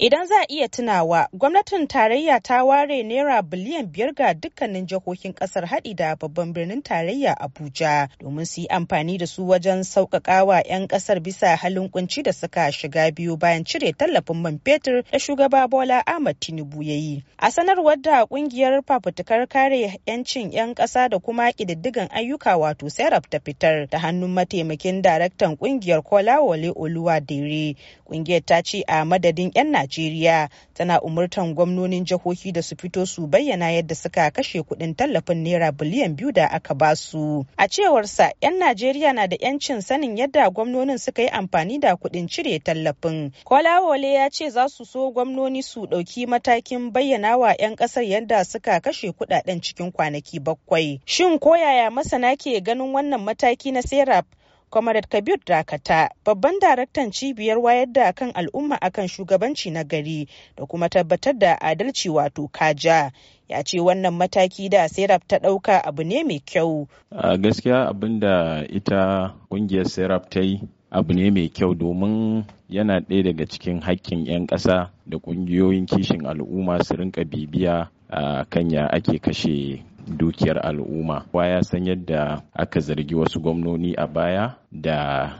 Idan za a iya tunawa, gwamnatin tarayya ta ware naira biliyan biyar ga dukkanin jihohin kasar haɗi da babban birnin tarayya Abuja domin su yi amfani da su wajen sauƙaƙawa 'yan kasar bisa halin kunci da suka shiga biyu bayan cire tallafin man fetur da shugaba Bola Ahmad Tinubu ya yi. A sanarwar da ƙungiyar fafutukar kare 'yancin 'yan ƙasa da kuma ƙididdigan ayyuka wato Serap ta fitar da hannun mataimakin daraktan ƙungiyar Kola Wale Oluwadere. Ƙungiyar ta ce a madadin 'yan Najeriya tana umurtan gwamnonin jihohi da su fito su bayyana yadda suka kashe kuɗin tallafin naira biliyan biyu da aka ba su. A cewarsa 'yan Najeriya na da 'yancin sanin yadda gwamnonin suka yi amfani da kuɗin cire tallafin. Kolawole ya ce za su so gwamnoni su ɗauki matakin bayyana wa 'yan ƙasar yadda suka kashe kudaden cikin kwanaki bakwai. Shin ko yaya masana ke ganin wannan mataki na Serap Comrade Kabir Dakata, babban daraktan cibiyar wayar da kan al'umma akan shugabanci na gari da kuma tabbatar da adalci wato kaja. Ya ce wannan mataki da serap ta ɗauka abu ne mai kyau. A gaskiya abin da ita ƙungiyar serap ta yi abu ne mai kyau domin yana ɗaya daga cikin hakkin 'yan ƙasa da ƙungiyoyin kishin al'umma su rinka bibiya a kan ya ake kashe dukiyar al'umma. ya san yadda aka zargi wasu gwamnoni a baya da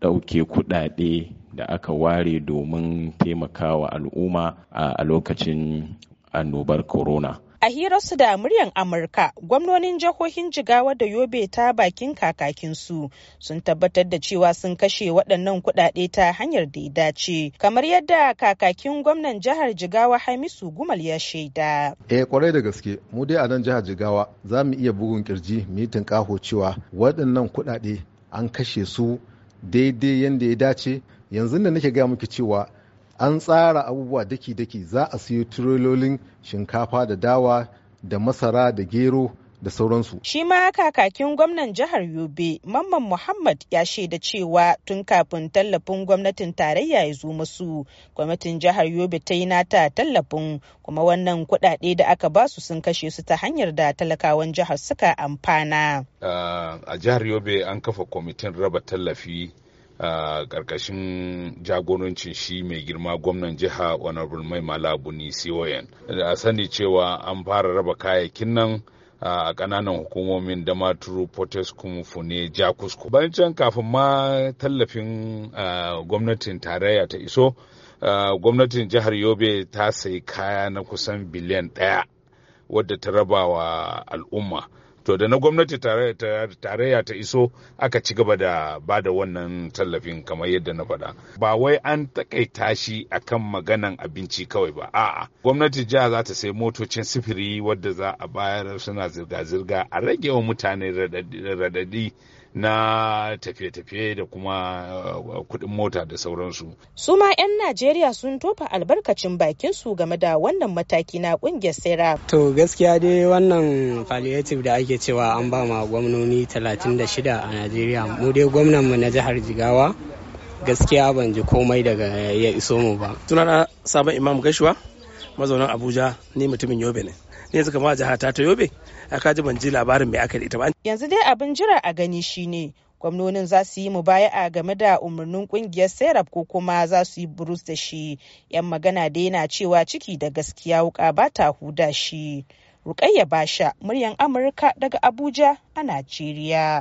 ɗauke kuɗaɗe da aka ware domin taimakawa al'umma a lokacin annobar corona. A hirarsu da muryar Amurka, gwamnonin jihohin Jigawa da Yobe ta bakin kakakinsu sun tabbatar da cewa sun kashe waɗannan kuɗaɗe ta hanyar da ya dace, kamar yadda kakakin gwamnan jihar Jigawa Hamisu Gumal ya shaida. Eh kwarai da gaske, mu dai a nan jihar Jigawa za mu iya bugun kirji mu yi cewa waɗannan kuɗaɗe an kashe su daidai yadda ya dace. Yanzu da nake gaya muku cewa an tsara abubuwa daki-daki za a siyo tirololin shinkafa da dawa da masara da gero da sauransu. Shi ma kakakin gwamnan jihar Yobe, Mamman Muhammad ya shaida cewa tun kafin tallafin gwamnatin tarayya ya zo masu, gwamnatin jihar Yobe ta yi nata tallafin kuma wannan kuɗaɗe da aka basu sun kashe su ta hanyar da talakawan jihar suka amfana. Ah, a jihar Yobe an kafa kwamitin raba tallafi a ƙarƙashin jagorancin shi mai girma gwamnan jiha honorable mai malabuni coyen da a sani cewa an fara raba kayayyakin nan a ƙananan hukumomin damaturu potescum fune jakusko bayan can kafin ma tallafin gwamnatin tarayya ta iso gwamnatin jihar yobe ta sayi kaya na kusan biliyan ɗaya wadda ta raba wa al'umma to da na gwamnati tarayya ta iso aka ci gaba da ba da wannan tallafin kamar yadda na faɗa ba wai an takaita shi a kan maganan abinci kawai ba a'a gwamnati jiha za ta sai motocin sifiri wadda za a bayar suna zirga-zirga a rage wa mutane radadi na tafiye-tafiye da kuma uh, kuɗin mota da sauransu. suma 'yan Najeriya sun tofa albarkacin bakin su game da wannan mataki na ƙungiyar Sera. To gaskiya dai wannan palliative da ake cewa an ba ma gwamnoni 36 a Najeriya. Mu dai gwamnan mu na jihar Jigawa gaskiya ban ji komai daga ya iso mu ba. Sunana Sabon Imam Gashuwa. mazaunan abuja ni mutumin yobe ne ne yanzu kama jiha ta ta yobe a kaji ban ji labarin mai aka ita ba yanzu dai abin jira a gani shine gwamnonin za su yi mu baya a game da umarnin kungiyar serap ko kuma za su yi burus da shi yan magana da yana cewa ciki da gaskiya wuka ba ta huda shi rukayya basha muryan amurka daga abuja a najeriya